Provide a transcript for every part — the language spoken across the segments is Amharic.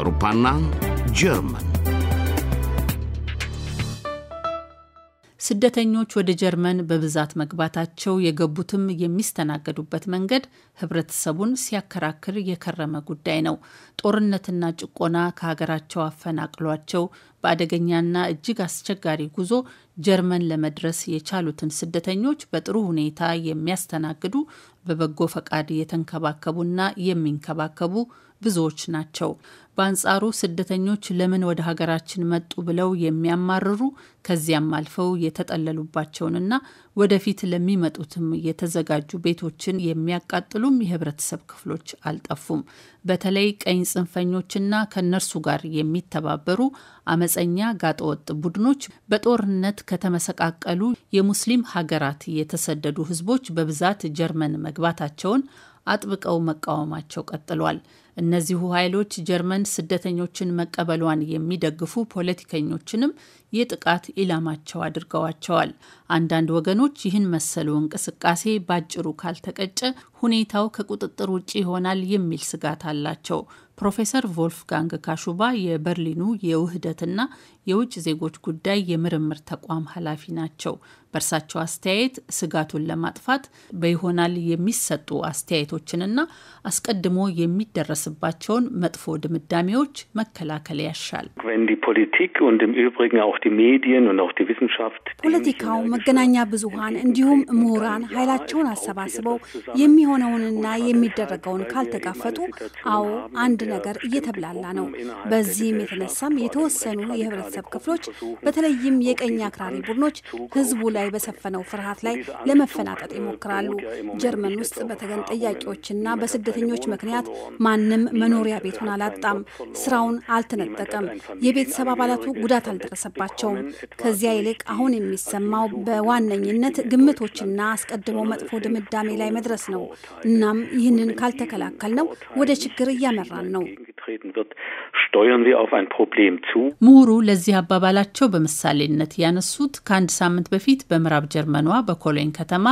አውሮፓና ጀርመን ስደተኞች ወደ ጀርመን በብዛት መግባታቸው የገቡትም የሚስተናገዱበት መንገድ ህብረተሰቡን ሲያከራክር የከረመ ጉዳይ ነው። ጦርነትና ጭቆና ከሀገራቸው አፈናቅሏቸው በአደገኛና እጅግ አስቸጋሪ ጉዞ ጀርመን ለመድረስ የቻሉትን ስደተኞች በጥሩ ሁኔታ የሚያስተናግዱ በበጎ ፈቃድ የተንከባከቡና የሚንከባከቡ ብዙዎች ናቸው። በአንጻሩ ስደተኞች ለምን ወደ ሀገራችን መጡ ብለው የሚያማርሩ ከዚያም አልፈው የተጠለሉባቸውንና ወደፊት ለሚመጡትም የተዘጋጁ ቤቶችን የሚያቃጥሉም የህብረተሰብ ክፍሎች አልጠፉም። በተለይ ቀኝ ጽንፈኞችና ከነርሱ ጋር የሚተባበሩ አመፀኛ ጋጠወጥ ቡድኖች በጦርነት ከተመሰቃቀሉ የሙስሊም ሀገራት የተሰደዱ ህዝቦች በብዛት ጀርመን መግባታቸውን አጥብቀው መቃወማቸው ቀጥሏል። እነዚሁ ኃይሎች ጀርመን ስደተኞችን መቀበሏን የሚደግፉ ፖለቲከኞችንም የጥቃት ኢላማቸው አድርገዋቸዋል። አንዳንድ ወገኖች ይህን መሰሉ እንቅስቃሴ ባጭሩ ካልተቀጨ ሁኔታው ከቁጥጥር ውጭ ይሆናል የሚል ስጋት አላቸው። ፕሮፌሰር ቮልፍጋንግ ካሹባ የበርሊኑ የውህደትና የውጭ ዜጎች ጉዳይ የምርምር ተቋም ኃላፊ ናቸው። በእርሳቸው አስተያየት ስጋቱን ለማጥፋት በይሆናል የሚሰጡ አስተያየቶችንና አስቀድሞ የሚደረስ የሚደርስባቸውን መጥፎ ድምዳሜዎች መከላከል ያሻል። ፖለቲካው፣ መገናኛ ብዙሃን እንዲሁም ምሁራን ኃይላቸውን አሰባስበው የሚሆነውንና የሚደረገውን ካልተጋፈጡ፣ አዎ አንድ ነገር እየተብላላ ነው። um በዚህም የተነሳም የተወሰኑ የህብረተሰብ ክፍሎች በተለይም የቀኝ አክራሪ ቡድኖች ህዝቡ ላይ በሰፈነው ፍርሃት ላይ ለመፈናጠጥ ይሞክራሉ። ጀርመን ውስጥ በተገን ጠያቂዎችና በስደተኞች ምክንያት ማንም ምንም መኖሪያ ቤቱን አላጣም፣ ስራውን አልተነጠቀም፣ የቤተሰብ አባላቱ ጉዳት አልደረሰባቸውም። ከዚያ ይልቅ አሁን የሚሰማው በዋነኝነት ግምቶችና አስቀድሞ መጥፎ ድምዳሜ ላይ መድረስ ነው። እናም ይህንን ካልተከላከል ነው ወደ ችግር እያመራን ነው። ምሁሩ ለዚህ አባባላቸው በምሳሌነት ያነሱት ከአንድ ሳምንት በፊት በምዕራብ ጀርመኗ በኮሎኝ ከተማ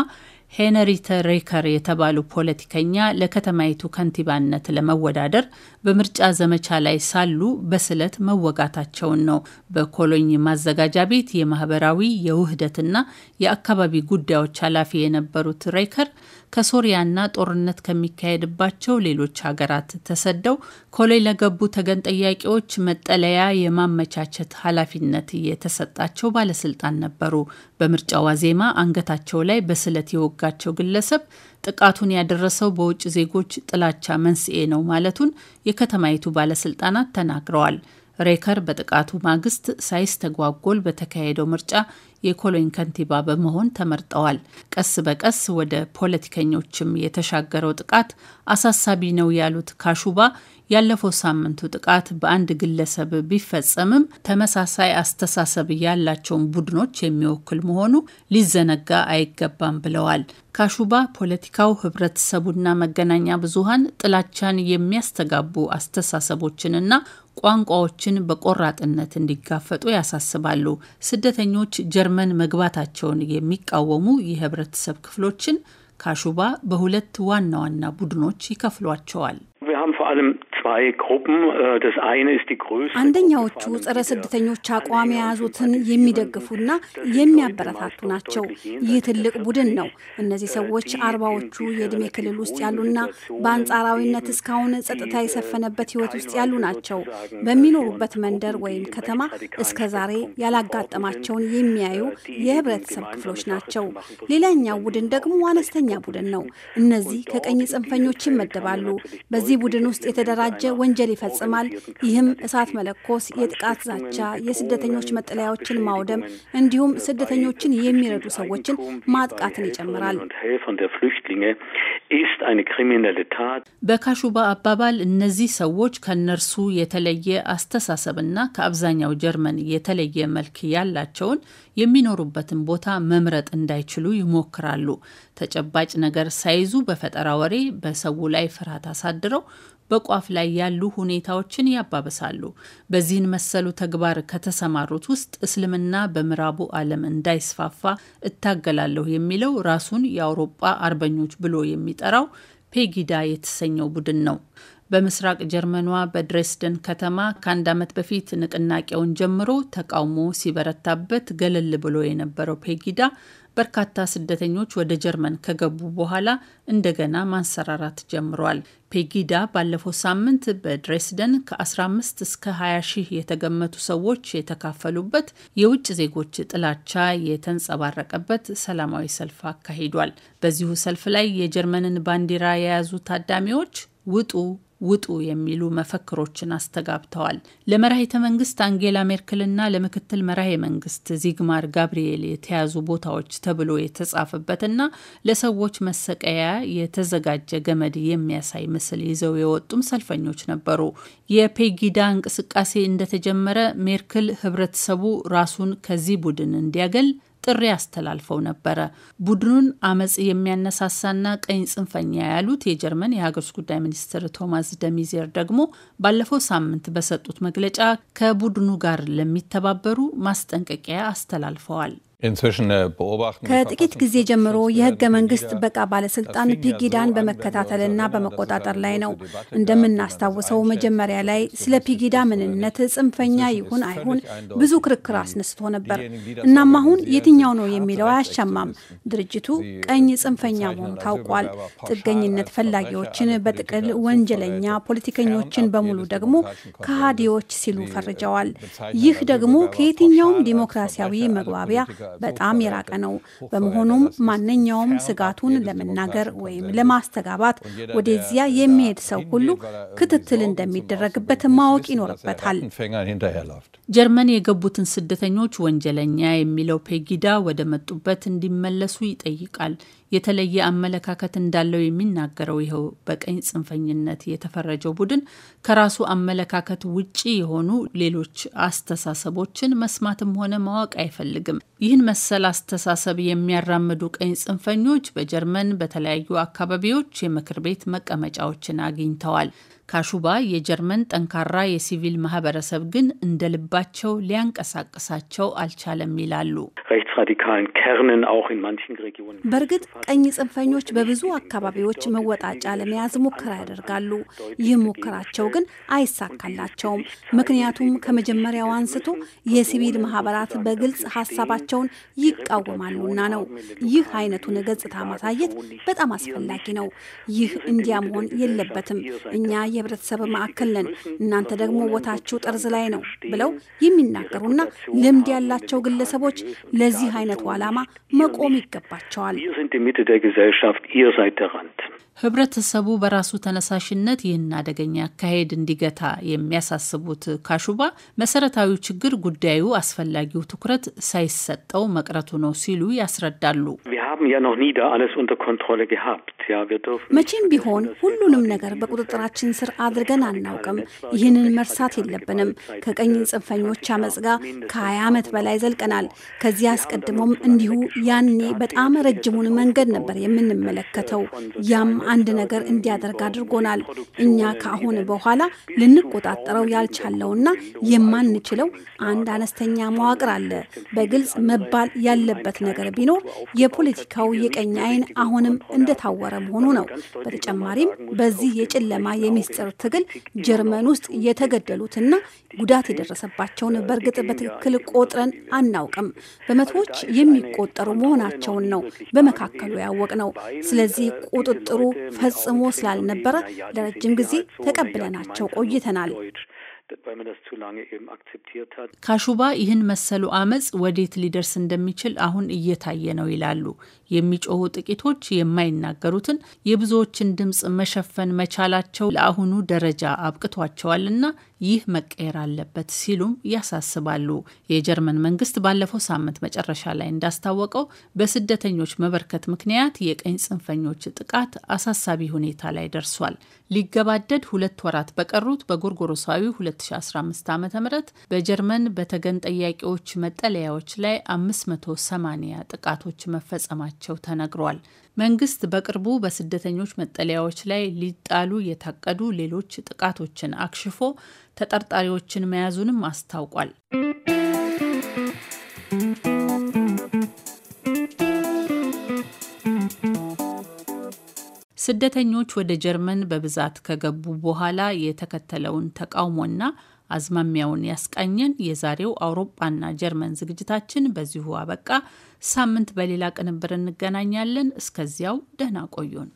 ሄነሪተ ሬከር የተባሉ ፖለቲከኛ ለከተማይቱ ከንቲባነት ለመወዳደር በምርጫ ዘመቻ ላይ ሳሉ በስለት መወጋታቸውን ነው በኮሎኝ ማዘጋጃ ቤት የማህበራዊ የውህደትና የአካባቢ ጉዳዮች ኃላፊ የነበሩት ሬከር ከሶሪያና ጦርነት ከሚካሄድባቸው ሌሎች ሀገራት ተሰደው ኮሌ ለገቡ ተገን ጠያቂዎች መጠለያ የማመቻቸት ኃላፊነት የተሰጣቸው ባለስልጣን ነበሩ። በምርጫ ዋዜማ አንገታቸው ላይ በስለት የወጋቸው ግለሰብ ጥቃቱን ያደረሰው በውጭ ዜጎች ጥላቻ መንስኤ ነው ማለቱን የከተማይቱ ባለስልጣናት ተናግረዋል። ሬከር በጥቃቱ ማግስት ሳይስተጓጎል በተካሄደው ምርጫ የኮሎኝ ከንቲባ በመሆን ተመርጠዋል። ቀስ በቀስ ወደ ፖለቲከኞችም የተሻገረው ጥቃት አሳሳቢ ነው ያሉት ካሹባ ያለፈው ሳምንቱ ጥቃት በአንድ ግለሰብ ቢፈጸምም ተመሳሳይ አስተሳሰብ ያላቸውን ቡድኖች የሚወክል መሆኑ ሊዘነጋ አይገባም ብለዋል። ካሹባ ፖለቲካው፣ ህብረተሰቡና መገናኛ ብዙሃን ጥላቻን የሚያስተጋቡ አስተሳሰቦችንና ቋንቋዎችን በቆራጥነት እንዲጋፈጡ ያሳስባሉ። ስደተኞች ጀርመን መግባታቸውን የሚቃወሙ የህብረተሰብ ክፍሎችን ካሹባ በሁለት ዋና ዋና ቡድኖች ይከፍሏቸዋል። Äh, አንደኛዎቹ ጸረ ስደተኞች አቋም የያዙትን የሚደግፉና የሚያበረታቱ ናቸው። ይህ ትልቅ ቡድን ነው። እነዚህ äh, ሰዎች አርባዎቹ የእድሜ ክልል ውስጥ ያሉና በአንጻራዊነት እስካሁን ጸጥታ የሰፈነበት ህይወት ውስጥ ያሉ ናቸው። በሚኖሩበት መንደር ወይም ከተማ እስከ ዛሬ ያላጋጠማቸውን äh, የሚያዩ የህብረተሰብ ክፍሎች ናቸው። ሌላኛው ቡድን ደግሞ አነስተኛ ቡድን ነው። እነዚህ ከቀኝ ጽንፈኞች ይመደባሉ። በዚህ ቡድን ውስጥ የተደራጀ የተደራጀ ወንጀል ይፈጽማል። ይህም እሳት መለኮስ፣ የጥቃት ዛቻ፣ የስደተኞች መጠለያዎችን ማውደም እንዲሁም ስደተኞችን የሚረዱ ሰዎችን ማጥቃትን ይጨምራል። በካሹባ አባባል እነዚህ ሰዎች ከነርሱ የተለየ አስተሳሰብና ከአብዛኛው ጀርመን የተለየ መልክ ያላቸውን የሚኖሩበትን ቦታ መምረጥ እንዳይችሉ ይሞክራሉ። ተጨባጭ ነገር ሳይዙ በፈጠራ ወሬ በሰው ላይ ፍርሃት አሳድረው በቋፍ ላይ ያሉ ሁኔታዎችን ያባብሳሉ። በዚህን መሰሉ ተግባር ከተሰማሩት ውስጥ እስልምና በምዕራቡ ዓለም እንዳይስፋፋ እታገላለሁ የሚለው ራሱን የአውሮጳ አርበኞች ብሎ የሚጠራው ፔጊዳ የተሰኘው ቡድን ነው። በምስራቅ ጀርመኗ በድሬስደን ከተማ ከአንድ ዓመት በፊት ንቅናቄውን ጀምሮ ተቃውሞ ሲበረታበት ገለል ብሎ የነበረው ፔጊዳ በርካታ ስደተኞች ወደ ጀርመን ከገቡ በኋላ እንደገና ማንሰራራት ጀምሯል። ፔጊዳ ባለፈው ሳምንት በድሬስደን ከ15 እስከ 20 ሺህ የተገመቱ ሰዎች የተካፈሉበት የውጭ ዜጎች ጥላቻ የተንጸባረቀበት ሰላማዊ ሰልፍ አካሂዷል። በዚሁ ሰልፍ ላይ የጀርመንን ባንዲራ የያዙ ታዳሚዎች ውጡ ውጡ የሚሉ መፈክሮችን አስተጋብተዋል። ለመራሄተ መንግስት አንጌላ ሜርክልና ለምክትል መራሄ መንግስት ዚግማር ጋብርኤል የተያዙ ቦታዎች ተብሎ የተጻፈበትና ለሰዎች መሰቀያ የተዘጋጀ ገመድ የሚያሳይ ምስል ይዘው የወጡም ሰልፈኞች ነበሩ። የፔጊዳ እንቅስቃሴ እንደተጀመረ ሜርክል ህብረተሰቡ ራሱን ከዚህ ቡድን እንዲያገል ጥሪ አስተላልፈው ነበረ። ቡድኑን አመጽ የሚያነሳሳና ቀኝ ጽንፈኛ ያሉት የጀርመን የሀገር ውስጥ ጉዳይ ሚኒስትር ቶማስ ደሚዜር ደግሞ ባለፈው ሳምንት በሰጡት መግለጫ ከቡድኑ ጋር ለሚተባበሩ ማስጠንቀቂያ አስተላልፈዋል። Äh, ከጥቂት ጊዜ ጀምሮ የህገ መንግስት ጥበቃ ባለስልጣን ፒጊዳን በመከታተልና በመቆጣጠር ላይ ነው። እንደምናስታውሰው መጀመሪያ ላይ ስለ ፒጊዳ ምንነት ጽንፈኛ ይሁን አይሁን ብዙ ክርክር አስነስቶ ነበር። እናም አሁን የትኛው ነው የሚለው አያሻማም። ድርጅቱ äh, ቀኝ ጽንፈኛ መሆኑ ታውቋል። ጥገኝነት ፈላጊዎችን በጥቅል ወንጀለኛ፣ ፖለቲከኞችን በሙሉ ደግሞ ከሃዲዎች ሲሉ äh, ፈርጀዋል። ይህ ደግሞ ከየትኛውም ዲሞክራሲያዊ መግባቢያ በጣም የራቀ ነው። በመሆኑም ማንኛውም ስጋቱን ለመናገር ወይም ለማስተጋባት ወደዚያ የሚሄድ ሰው ሁሉ ክትትል እንደሚደረግበት ማወቅ ይኖርበታል። ጀርመን የገቡትን ስደተኞች ወንጀለኛ የሚለው ፔጊዳ ወደ መጡበት እንዲመለሱ ይጠይቃል። የተለየ አመለካከት እንዳለው የሚናገረው ይኸው በቀኝ ጽንፈኝነት የተፈረጀው ቡድን ከራሱ አመለካከት ውጪ የሆኑ ሌሎች አስተሳሰቦችን መስማትም ሆነ ማወቅ አይፈልግም። ይህን መሰል አስተሳሰብ የሚያራምዱ ቀኝ ጽንፈኞች በጀርመን በተለያዩ አካባቢዎች የምክር ቤት መቀመጫዎችን አግኝተዋል። ካሹባ የጀርመን ጠንካራ የሲቪል ማህበረሰብ ግን እንደ ልባቸው ሊያንቀሳቅሳቸው አልቻለም ይላሉ። rechtsradikalen Kernen auch in manchen Regionen. በእርግጥ ቀኝ ጽንፈኞች በብዙ አካባቢዎች መወጣጫ ለመያዝ ሙከራ ያደርጋሉ። ይህ ሙከራቸው ግን አይሳካላቸውም። ምክንያቱም ከመጀመሪያው አንስቶ የሲቪል ማህበራት በግልጽ ሀሳባቸውን ይቃወማሉና ነው። ይህ አይነቱን ገጽታ ማሳየት በጣም አስፈላጊ ነው። ይህ እንዲያ መሆን የለበትም። እኛ የህብረተሰብ ማዕከል ነን፣ እናንተ ደግሞ ቦታችሁ ጠርዝ ላይ ነው ብለው የሚናገሩና ልምድ ያላቸው ግለሰቦች ለዚህ ለዚህ አይነቱ ዓላማ መቆም ይገባቸዋል። ህብረተሰቡ በራሱ ተነሳሽነት ይህን አደገኛ አካሄድ እንዲገታ የሚያሳስቡት ካሹባ መሰረታዊ ችግር ጉዳዩ አስፈላጊው ትኩረት ሳይሰጠው መቅረቱ ነው ሲሉ ያስረዳሉ። መቼም ቢሆን ሁሉንም ነገር በቁጥጥራችን ስር አድርገን አናውቅም። ይህንን መርሳት የለብንም። ከቀኝ ጽንፈኞች አመጽ ጋር ከሀያ ዓመት በላይ ዘልቀናል። ከዚህ አስቀድሞም እንዲሁ ያኔ በጣም ረጅሙን መንገድ ነበር የምንመለከተው። ያም አንድ ነገር እንዲያደርግ አድርጎናል። እኛ ከአሁን በኋላ ልንቆጣጠረው ያልቻለውና የማንችለው አንድ አነስተኛ መዋቅር አለ። በግልጽ መባል ያለበት ነገር ቢኖር የፖለቲካው የቀኝ አይን አሁንም እንደታወረ መሆኑ ነው። በተጨማሪም በዚህ የጨለማ የሚስጥር ትግል ጀርመን ውስጥ የተገደሉትና ጉዳት የደረሰባቸውን በእርግጥ በትክክል ቆጥረን አናውቅም፣ በመቶዎች የሚቆጠሩ መሆናቸውን ነው በመካከሉ ያወቅ ነው። ስለዚህ ቁጥጥሩ ፈጽሞ ስላልነበረ ለረጅም ጊዜ ተቀብለናቸው ቆይተናል። weil man das zu lange eben akzeptiert hat። ካሹባ ይህን መሰሉ አመጽ ወዴት ሊደርስ እንደሚችል አሁን እየታየ ነው ይላሉ። የሚጮሁ ጥቂቶች የማይናገሩትን የብዙዎችን ድምፅ መሸፈን መቻላቸው ለአሁኑ ደረጃ አብቅቷቸዋልና ይህ መቀየር አለበት ሲሉም ያሳስባሉ። የጀርመን መንግስት ባለፈው ሳምንት መጨረሻ ላይ እንዳስታወቀው በስደተኞች መበርከት ምክንያት የቀኝ ጽንፈኞች ጥቃት አሳሳቢ ሁኔታ ላይ ደርሷል። ሊገባደድ ሁለት ወራት በቀሩት በጎርጎሮሳዊ 2015 ዓ ም በጀርመን በተገን ጠያቂዎች መጠለያዎች ላይ 580 ጥቃቶች መፈጸማቸው ተነግሯል። መንግስት በቅርቡ በስደተኞች መጠለያዎች ላይ ሊጣሉ የታቀዱ ሌሎች ጥቃቶችን አክሽፎ ተጠርጣሪዎችን መያዙንም አስታውቋል። ስደተኞች ወደ ጀርመን በብዛት ከገቡ በኋላ የተከተለውን ተቃውሞና አዝማሚያውን ያስቃኘን የዛሬው አውሮፓና ጀርመን ዝግጅታችን በዚሁ አበቃ። ሳምንት በሌላ ቅንብር እንገናኛለን። እስከዚያው ደህና ቆዩን።